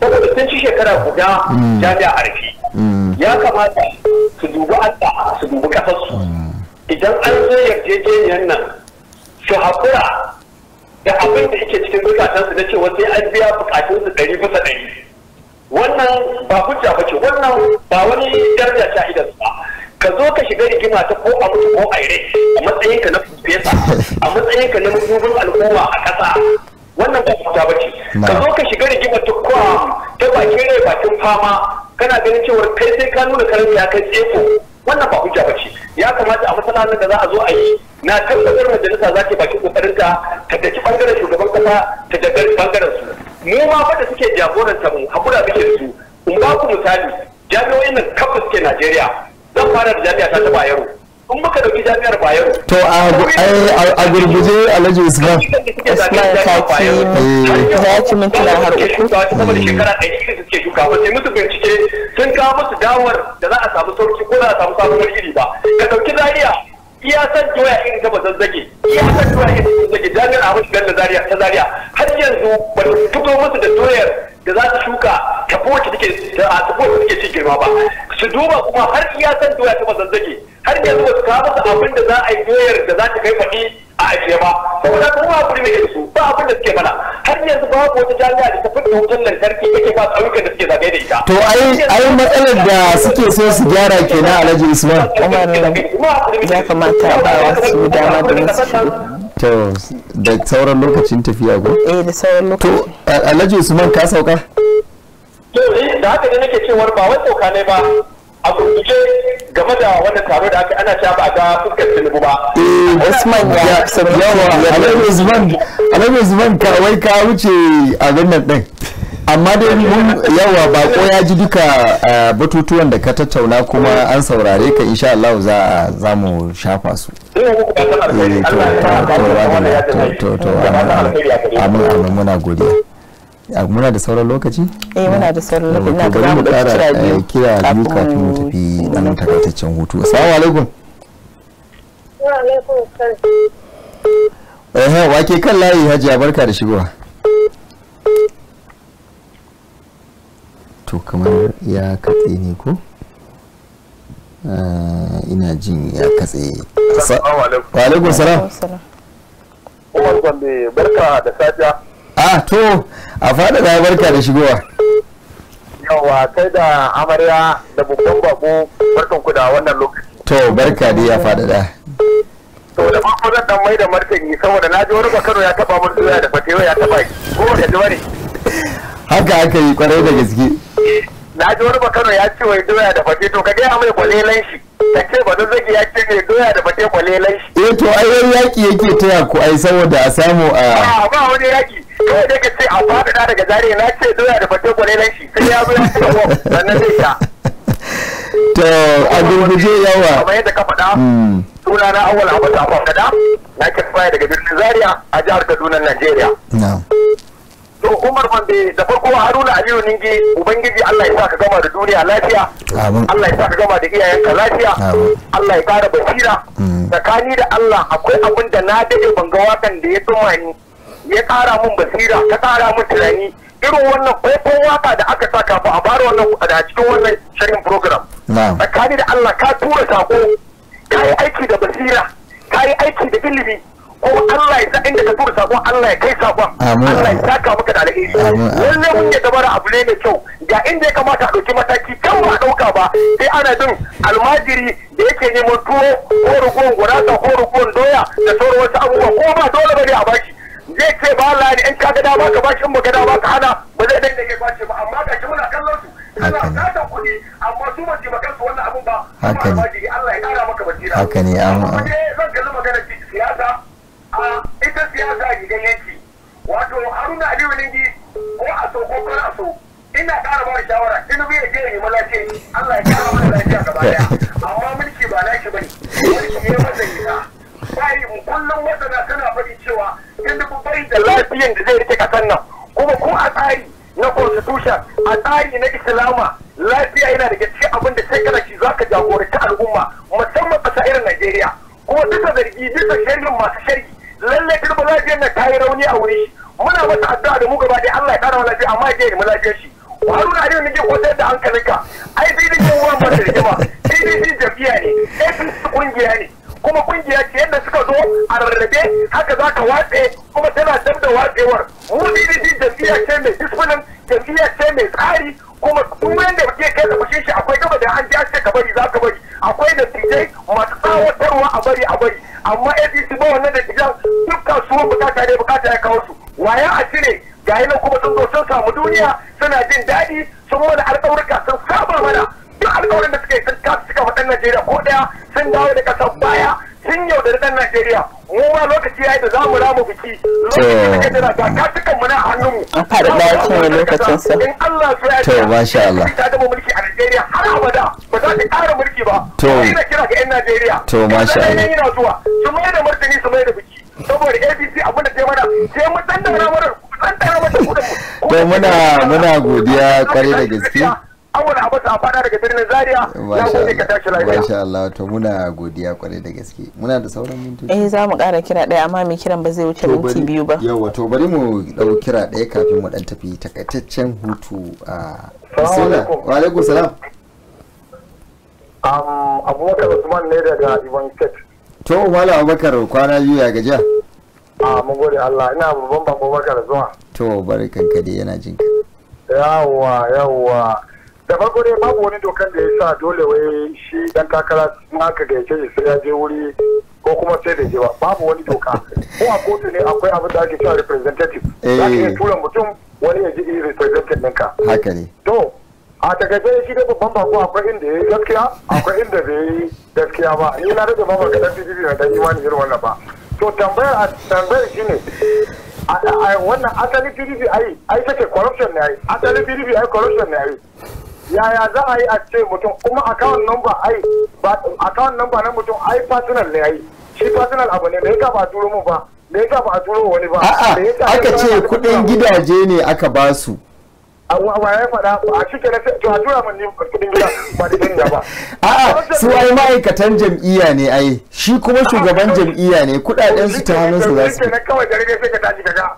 saboda sun ci shekara guda mm. jami'a arfi mm. ya kamata su dubi Allah su dubi kasarsu mm. idan an zo yarjejeniyar nan su haƙura da abin da yake cikin bukatansu na cewa sai an biya bukatunsu ɗari bisa ɗari wannan ba hujja ba ce wannan ba wani daraja ta idan ba ka zo ka shiga rigima ta ko a ko a rai a matsayin ka na fesa a matsayin ka na mudubin al'umma a ƙasa wannan ba fita bace ka zo ka shiga rigima ta ko ta bakin rai bakin fama kana ganin cewa kai sai ka nuna karami ya kai tsefo wannan ba hujja bace ya kamata a matsalolin da za a zo a yi na tabbatar majalisa za ta baki kokarin ta ta daki bangaren shugaban kasa ta daga bangaren su mu ma fa da suke jagoranta mu hakura muke su in ba ku misali jami'o'in nan kafa suke Najeriya zan fara da jami'a ta ta bayero in muka dauki jami'ar bayero to a gurguje alhaji usman usman kaki eh. ya ci mintuna har uku sama da hmm. shekara ɗari da suke shuka ba sai musu bincike sun kawo musu dawar da za a samu sauki ko za a samu sabuwar iri ba ka dauki zaria iya san doya in ta bazan zage iya san doya in ta bazan jami'ar ahmadu bello zaria ta zaria har yanzu ba ta fito musu da doyar da za su shuka tafi wacce take tafi wacce take girma ba su duba kuma har iya san doya ta mazanzage har yanzu ba su kawo masa abin da za a yi doyar da za ta kai faɗi a ajiye ba saboda kuma ba kuri mai su ba abin da suke mana har yanzu ba wata jami'a da ta fi da wutar lantarki yake ba ƙauyukan da suke zagaye da ita. to ai matsalar da suke so su gyara kenan alhaji usman ya kamata a ba wasu dama da su to da sauran lokacin tafiya ko eh da sauran lokacin to alhaji usman ka sauka to eh da haka ne nake cewa ba wai sauka ne ba a kurkuce game da wanda taro da aka ana cewa ba ga fuskar tinubu ba eh, usman ya yawa alhaji usman alhaji usman ka wai ka wuce abin nan din amma dai yawa bako ya ji duka eh, batutuwan da ka tattauna kuma an saurare ka insha Allah za za mu shafa su muna godiya muna da sauran lokaci? eh muna da sauran lokaci na kira mu kara kira biyu eh, kafin mu tafi dan takaitaccen hutu assalamu alaikum wa alaikum assalam eh wake kan layi hajiya barka da shigowa to kamar ya katse ne ko eh, ina jin ya katse wa alaikun salam umar barka da safiya ah to a fada da barka da shigowa yawa kai da amarya da babban babu barkan ku da wannan lokaci to barka da ya fada da to da farko zan dan mai da martani saboda na ji wani bakaro ya taba mun doya da fatewa ya taba ko da ji bane haka aka yi kwarai da gaske na ji wani bakano ya ce wai doya da fate to ka gaya mai kwalelan shi ka ce ba zaki ya ce ne doya da fate kwalelan shi eh to ai wani yaki yake taya ku ai saboda a samu a ba wani yaki kawai dai ka ce a da daga zare na ce doya da fate kwalelan shi sai ya zo ya ce wa oh, sannan zai ta [LAUGHS] to a gurguje yawa kamar yadda ka faɗa hmm. suna na awal abu ta fangada na ke daga birnin zaria a jihar kaduna najeriya to Umar Bambe da farko Haruna Aliyu Ningi ubangiji Allah ya sa ka gama da duniya lafiya Allah ya sa gama da iyayenka lafiya Allah ya kara basira mm. tsakani da Allah akwai abin da na dade ban ga wakan da ya tuma ni ya kara mun basira ka kara mun tunani irin wannan faifan waka da aka saka ba a bara wannan a cikin wannan shirin program tsakani da Allah ka tura sako ka yi aiki da basira ka yi aiki da ilimi ko Allah ya sa inda ka tura sakon Allah ya kai sakon Allah ya saka maka da alheri lalle mun ya dabara abu ne mai kyau ga inda ya kamata a ɗauki mataki kan ba ɗauka ba sai ana jin almajiri da yake neman tuwo ko rugon gurasa ko rugon doya da sauran wasu abubuwa ko ba dole ba ne a bashi zai ce ba Allah ne in ka ga dama ka bashi in ba ga dama ka hana ba zai dan da ke bashi ba amma ga shi muna kallon su suna satan kuɗi amma su ba taimakon wannan abun ba haka ne Allah ya kara maka basira haka ne amma zan kalli magana a ita siyasa gidan yanki wato haruna aliyu ningi ko a so ko kar a so ina kara ba shawara Inu ya je ya mala ce. Allah ya kara mana lafiya gaba daya amma mulki ba nashi bane mulki ne masa gida bai kullum na suna faɗi cewa da bai da lafiyan da zai rike kasan nan kuma ko a tsari na constitution a tsari na islama lafiya yana daga cikin abin da sai ki za ka jagoranci al'umma musamman ƙasa irin najeriya kuma duka zargi duka shirin masu shari'i lallai girma lafiyar na ta yi rauni a wuri muna masa addu'a da mu gaba da Allah ya kara wa lafiya amma ya mu lafiyar shi Haruna Aliyu nake kwatar da hankalinka ai PDP ruwan ba da rigima PDP jam'iyya ne APC kungiya ne kuma kungiya ce yadda suka zo a rarrabe haka za ka watse kuma tana dab da watsewar mu PDP jam'iyya ce mai disiplin jam'iyya ce mai tsari kuma duk wanda muke kai da fushin shi akwai gaba da an ji ka bari za ka bari akwai da tijai masu tsawatarwa a bari a bari amma APC ba wannan da tijan dukkan su bukata ne bukata ya kawo su waya a cire ga nan kuma sun zo sun samu duniya suna jin daɗi sun mana alƙawarka sun saba mana duk alƙawarin da suka yi sun kasu suka faɗin Najeriya ko ɗaya sun dawo da ƙasar baya yau da dan Najeriya mu ma lokaci yayi da zamu ramu biki lokacin da kaje mu na hannun mu an fara da lokacin sa in Allah ya to masha Allah ta gaba mulki a Najeriya har abada ba za ta ƙara mulki ba to ina kira ga yan Najeriya to masha Allah ina zuwa su mai da martani su mai da biki saboda APC abin da ta mana sai mu dan da dan da kudin mu muna muna godiya kare da gaske awon abu a fada daga birnin zaria ya gode ka tashi lafiya masha Allah to muna godiya kwarai da gaske muna da sauran mintoci eh za mu kara kira daya amma mai kiran ba zai wuce minti biyu ba yawa to bari mu dau kira daya kafin mu dan tafi takaitaccen hutu a Assalamu wa alaikum salam Abubakar Usman ne daga Ivan to wala Abubakar kwana biyu ya gaja a mun gode Allah ina babban bako Abubakar zuwa to bari kanka dai yana jinka Yawa, yawa. da farko dai babu wani dokan da ya sa dole wai shi dan takara in aka gayyace shi sai ya je wuri ko kuma sai da jewa babu wani doka ko a kotu ne akwai abin da ake cewa representative za ka iya eh. tura mutum wani ya ji representative ɗinka. haka ne to a takaice shi da babban bako akwai inda ya yi gaskiya akwai inda bai yi gaskiya ba ni na rage mamar dan bibi na dan imani irin wannan ba to tambayar tambayar shi ne wannan asali pdp ai ai take corruption ne ai asali pdp ai corruption ne ai yaya za a yi a ce mutum kuma account number ai account number na mutum ai personal ne ai shi personal abu ne me yasa ba a turo mu ba me yasa ba a turo wani ba a'a aka ce kudin gidaje ne aka ba su waye fada a cike na to a tura min kudin gida ba da gida ba [LAUGHS] a'a su ai ma'aikatan jam'iyya ne ai shi kuma shugaban jam'iyya ne kudaden su ta hannun su za su kawai da rage sai ka tashi kaga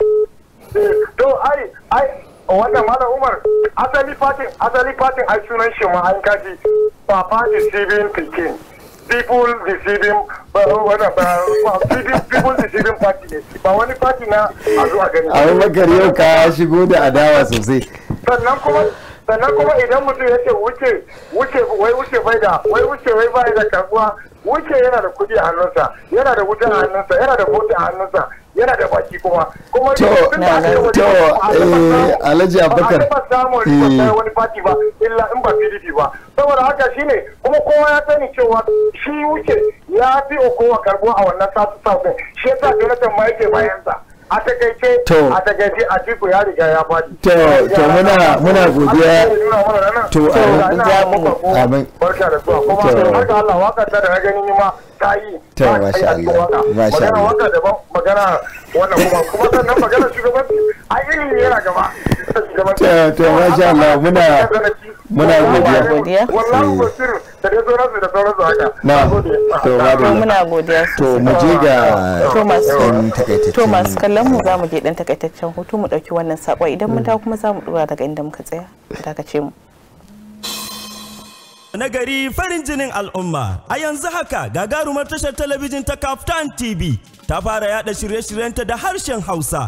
eh, to ai ai wannan malam umar asali fatin asali fatin ai sunan shi ma an kaji papa deceiving pikin people deceiving ba wani ba people party ne ba wani party na a zuwa gani abubakar yau ka shigo da adawa sosai sannan kuma sannan kuma idan mutum ya ce wuce wuce wai wuce bai da wai wuce wai bai da kasuwa wuce yana da kuɗi a hannunsa yana da wuce a hannunsa yana da mota a hannunsa yana da baki kuma kuma to to eh alhaji abubakar ba samu eh. wani party ba illa in ba PDP ba saboda haka shine kuma kowa ya sani cewa shi wuce ya fi okowa karbo a wannan sasu sasu shi yasa jonathan ma yake bayan sa a takaice to a takaice a tiku ya riga ya fadi to to muna muna godiya to a ga mu amin barka da zuwa kuma haka Allah waka ta da gani ni ma ta yi to masha Allah masha Allah waka da magana wannan kuma kuma sannan magana shugabanci a ilimi yana gaba to to masha Allah muna muna godiya wallahi basir da dai sauransu da sauransu haka na to muna godiya to mu je ga Thomas Thomas kallon idan mu za mu je dan takaitaccen hutu mu ɗauki wannan sako idan mun dawo kuma za mu dora daga inda muka tsaya ce mu nagari farin jinin al'umma a yanzu haka gagarumar tashar talabijin ta Kaftan TV ta fara yada shirye-shiryenta da harshen Hausa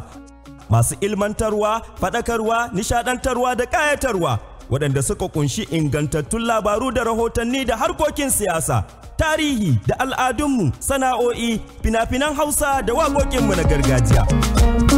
masu ilmantarwa, faɗakarwa, nishadantarwa da ƙayatarwa waɗanda suka kunshi ingantattun labaru da rahotanni da harkokin siyasa, tarihi da al'adunmu, sana'o'i, fina-finan Hausa da waƙoƙinmu na gargajiya.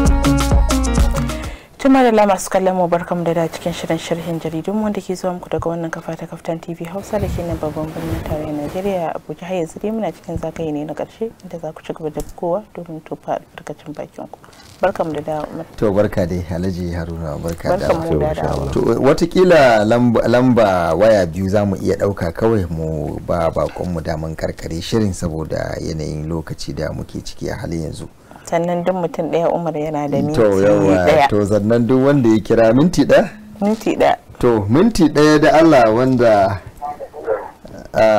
tuma da lama su kallon mu barkamu da da cikin shirin sharhin jaridun wanda ke zuwa muku daga wannan kafa ta kaftan tv hausa da ke nan babban birnin tarayyar najeriya abuja har yanzu dai muna cikin zagaye ne na karshe inda za ku ci gaba da kowa domin tofa albarkacin bakin ku barkamu da dawo to barka dai alhaji haruna barka da to watakila lamba waya biyu za mu iya ɗauka kawai mu ba bakonmu mu daman karkare shirin saboda yanayin lokaci da muke ciki a halin yanzu sannan duk mutum ɗaya umar yana da minti ɗaya to sannan duk wanda ya kira minti ɗaya minti ɗaya to minti ɗaya da allah wanda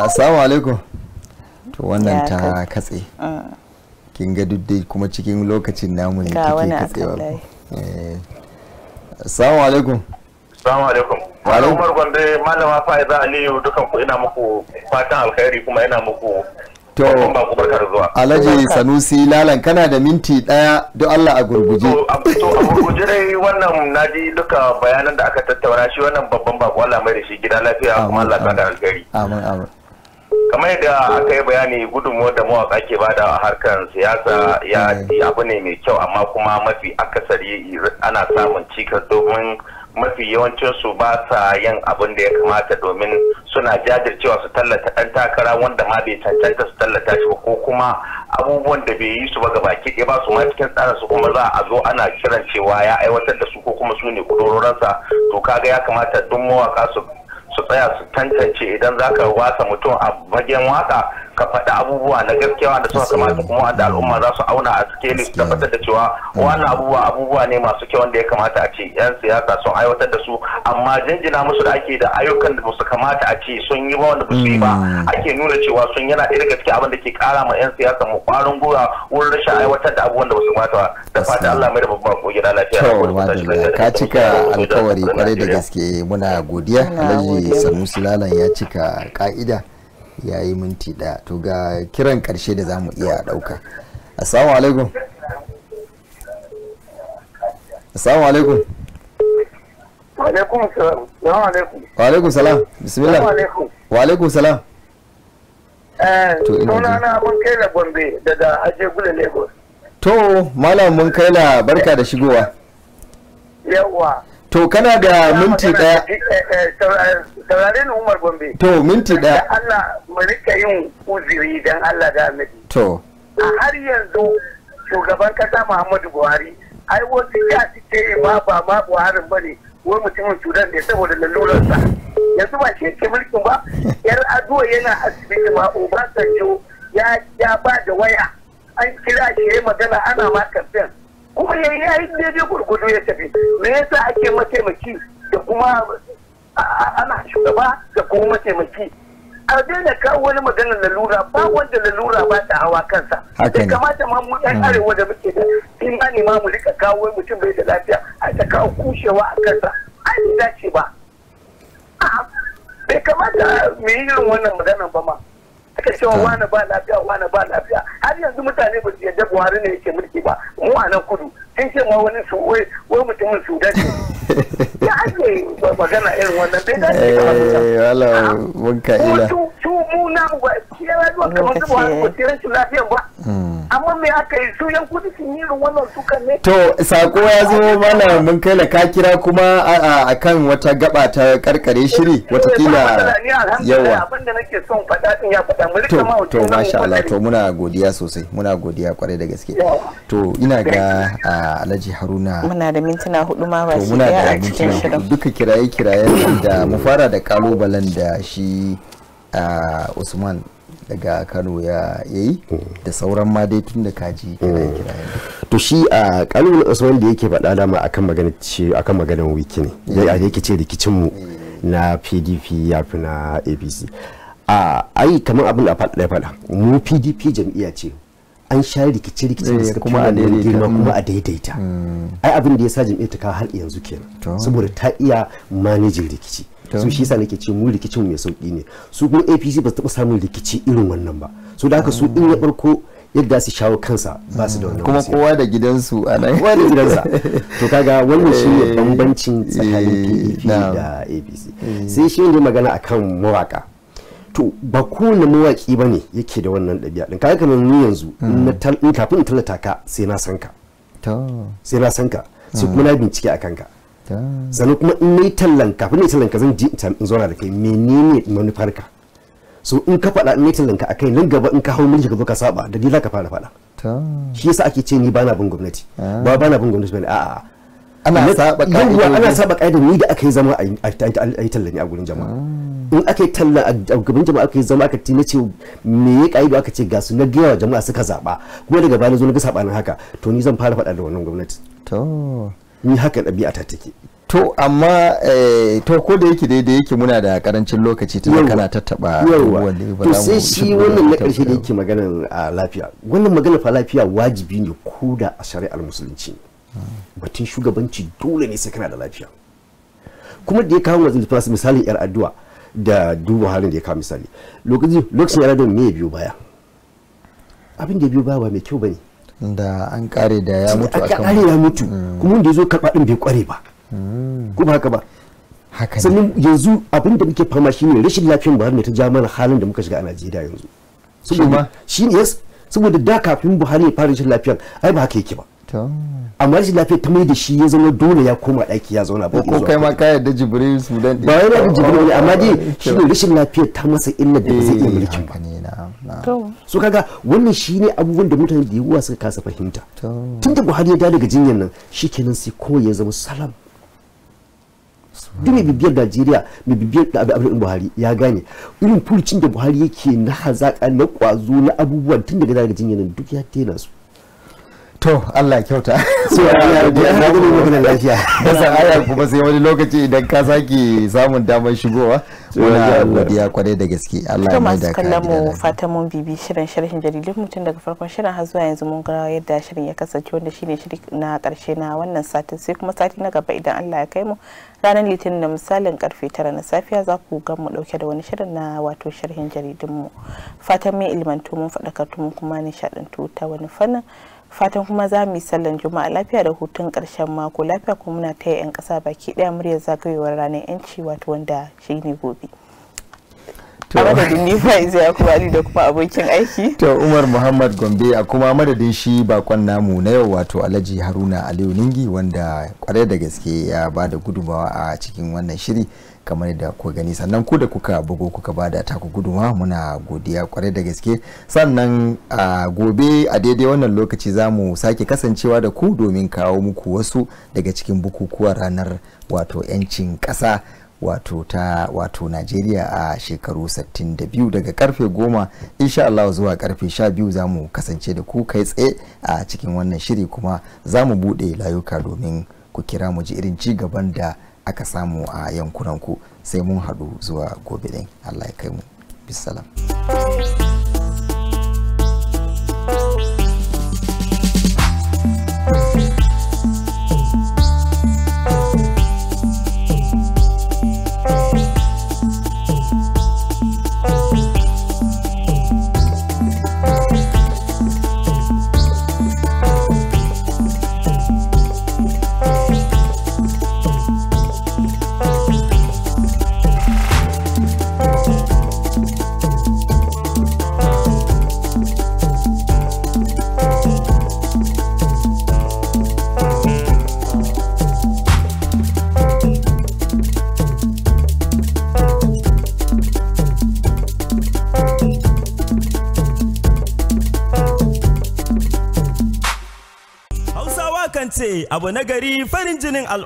assalamu alaikum to wannan ta katse ah. kin ga duk dai kuma cikin lokacin namu ne kike katsewa eh, assalamu alaikum assalamu alaikum malam umar gwande malama fa'iza aliyu dukan ku ina muku fatan alkhairi kuma ina muku to alhaji sanusi lalan kana da minti daya don allah a gurguje to a gurguje dai wannan naji duka bayanan da aka tattauna shi wannan babban bako allah mai da shi gida lafiya kuma allah ta da alkhairi amin amin kamar yadda aka yi bayani gudunmuwar da mawaka ke bada a harkar siyasa ya eh, eh. abu ne mai kyau amma kuma mafi akasari ana samun cikas domin mafi yawancin su ba sa yin abin da ya kamata domin suna jajircewa su tallata ɗan takara wanda ma bai cancanta su tallata shi ko kuma abubuwan da bai yi su ba gabaki ɗaya ba su ma cikin tsara su kuma za a zo ana kiran cewa ya aiwatar da su ko kuma su ne kudororansa to kaga ya kamata duk mawaka su su tsaya su tantance idan za ka wasa mutum a bagen waka ka faɗi abubuwa na gaskiya wanda suka kamata kuma wanda al'umma za su auna a sikeli su tabbatar da cewa wannan abubuwa abubuwa ne masu kyau wanda ya kamata a ce yan siyasa sun aiwatar da su amma jinjina musu da ake da ayyukan da su kamata a ce sun yi ba wanda ba su yi ba mm. ake nuna cewa sun yana ɗaya daga cikin abin da ke ƙara ma yan siyasa mu ƙwarin gura wurin rashin aiwatar da abubuwan da ba su kamata da fata Allah mai da babban ko gida lafiya. ka cika alkawari kwarai da gaske muna godiya Alhaji Sanusi Lalan ya cika ka'ida. ya yi minti ɗaya to ga kiran ƙarshe da za mu iya ɗauka assalamu alaikum assalamu alaikum wa alaikum salam bismillah wa alaikum salam eh, suna na mun kai la gombe daga ajegula lagos to malam mun kai la barka da shigowa yawwa to kana ga minti daya eh, eh, eh, umar gombe to minti daya Allah mu rika yin uziri dan Allah da annabi to har yanzu shugaban kasa Muhammadu Buhari ai wasu ya ma ba ma Buhari bane wai mutumin Sudan ne saboda lalurarsa yanzu ba shi ke mulkin ba yar azuwa yana asibiti ba Obasanjo ya ya ba da waya an kira shi yayi magana ana ma kamfen kuma ya yi yayi daidai gurgudu ya tafi me yasa ake mataimaki da kuma ana shugaba da kuma mataimaki a daina kawo wani magana lalura ba wanda lalura ba ta hawa kansa ya kamata ma mu yan mm. arewa da muke da imani ma mu rika kawo mutum bai da lafiya a ta kawo kushewa a kansa an dace ba bai kamata mu yi irin wannan maganar ba ma aka cewa wane ba lafiya wane ba lafiya har yanzu mutane ba su yarda buhari ne yake mulki ba mu a nan kudu sun ce ma wani su wai mutumin sudan ne ya ake magana irin wannan bai dace da eh, wala ah, mun ka ila su mu na ba kiyar zuwa kamar su ko tiran su lafiya ba hmm. amma me aka yi su yan kudu sun yi wannan su kan ne to sako ya zo mana mun kai la ka kira kuma a kan wata gaba ta karkare shiri eh, watakila yawa abinda nake son faɗa din ya faɗa mu rika ma to masha Allah to muna godiya sosai muna godiya kwarai da gaske to ina ga alhaji haruna muna da mintuna hudu ma ba su da a cikin shirin duka kiraye kiraye da mu fara da kalobalan da shi usman daga kano ya yi da sauran ma dai tun da kaji kiraye kiraye to shi a kalobalan usman da yake faɗa dama akan magana ce akan maganar wiki ne yake ce rikicin mu na pdp ya fi na apc a ai kamar abin da faɗa mu pdp jam'iyya ce an sha rikice rikice da eh, suka kuma girma kuma a mm. daidaita mm. ai abin da ya sa ta kawo har yanzu kenan saboda ta iya manajin rikici su shi yasa nake ce mu rikicin mai sauki ne su kuma APC ba su taba samun rikici irin wannan ba so da haka su in ya farko yadda su shawo kansa ba su da wannan kuma kowa da gidansu a nan kowa da gidansa to kaga wannan shi ne eh, bambancin tsakanin PDP e eh, da APC sai shi ne magana akan mawaka to ba kowane mawaƙi ba ne yake da wannan ɗabi'a ɗin kaga kamar ni yanzu hmm. in kafin in tallata ka sai na san ka sai na san ka sai hmm. kuma na bincike a kanka sannan kuma in nayi tallan kafin nayi tallan ka zan ji in zauna da kai menene manufar ka so in ka faɗa in nayi tallan ka kai nan gaba in ka hau mulki ka zo ka saba da ni za ka fara faɗa shi yasa ake ce ni bana bin gwamnati ah. ba bana bin gwamnati ba ne a'a ana saba ka'idar ana ni da aka yi zama a yi talla a gurin jama'a ah. in aka yi talla a gaban jama'a aka yi zama aka tina ce me ya ka'ido aka ce ga su na gaya jama'a suka zaba kuma daga baya na zo na ga haka to ni zan fara faɗa da wannan gwamnati to ni haka ɗabi'a ta take to amma eh, to ko da yake da yake muna da karancin lokaci tun kana tattaba to sai shi wannan na karshe da yake maganar ah, lafiya wannan maganar fa lafiya wajibi ne ko da a shari'ar musulunci ne batun shugabanci dole ne sai kana da lafiya kuma da ya kawo mazin da misalin yar addu'a da duba halin da ya kawo misali lokacin yar addu'a ne ya biyo baya abin da ya biyo baya ba mai kyau bane da an kare da ya mutu akan kare ya mutu mm. kuma wanda ya zo karba din bai kware ba mm. ko ba haka ba haka sannan yanzu abin da muke fama shine rashin lafiyan Buhari ne ta ja mana halin da muka shiga a Najeriya yanzu saboda shine yes saboda da kafin Buhari ya fara rashin lafiyan ai ba haka yake ba amma rashin lafiya ta mai da shi ya zama dole ya koma ɗaki ya zauna ba ko kai ma ka yarda jibril sudan ba yana da jibril amma dai [LAUGHS] shi ne rashin lafiya ta masa illa da zai iya eh, mulkin ba so kaga wannan shi ne abubuwan da mutane da yawa suka kasa fahimta tun da buhari ya dawo daga jinyar nan shi kenan sai ko ya zama salam duk mai bibiyar Najeriya mai bibiyar da abin Buhari ya gane irin furucin da Buhari yake na hazaƙa na ƙwazo na abubuwan tun daga daga jinyar nan duk ya tena su to Allah kyauta so [LAUGHS] ya san ayar kuma sai wani lokaci idan ka saki samun damar shigowa muna godiya kwarai da gaske Allah ya maida ka kallon mu fata mun bibi shirin shirin jaridun mutum daga farkon shirin har zuwa yanzu mun ga yadda shirin ya kasance wanda shine shirin na karshe na wannan satin sai kuma sati na gaba idan Allah ya kai mu ranar litinin da misalin karfe tara na safiya za ku ga mu dauke da wani shirin na wato sharhin jaridun mu fatan mai ilmantu mun faɗakartu mun kuma nishaɗantu ta wani fannin fatan kuma za mu yi sallan juma'a lafiya da hutun ƙarshen mako lafiya kuma muna taya 'yan ƙasa baki ɗaya muryar zagayowar ranar 'yanci wato wanda shi ne gobe. a madadin ni faiza ya kuma ali da kuma abokin aiki to umar muhammad gombe a kuma madadin shi bakon namu na yau wato alhaji haruna aliyu ningi wanda kwarai da gaske ya ba da gudumawa a cikin wannan shiri kamar da ku gani sannan ku da kuka bugo kuka bada taku guduma muna godiya kwarai da gaske sannan a gobe a daidai wannan lokaci zamu sake kasancewa da ku domin kawo muku wasu daga cikin bukukuwa ranar wato 'yancin ƙasa wato ta wato Najeriya a shekaru 62 daga karfe 10 insha Allah zuwa karfe 12 za mu kasance da ku kai tsaye a cikin wannan shiri kuma za mu buɗe layuka domin ku kira mu ji irin ci gaban da aka samu a yankunanku sai mun haɗu zuwa gobe ɗin Allah ya kai mu bisalam. abu na gari farin jinin al'umma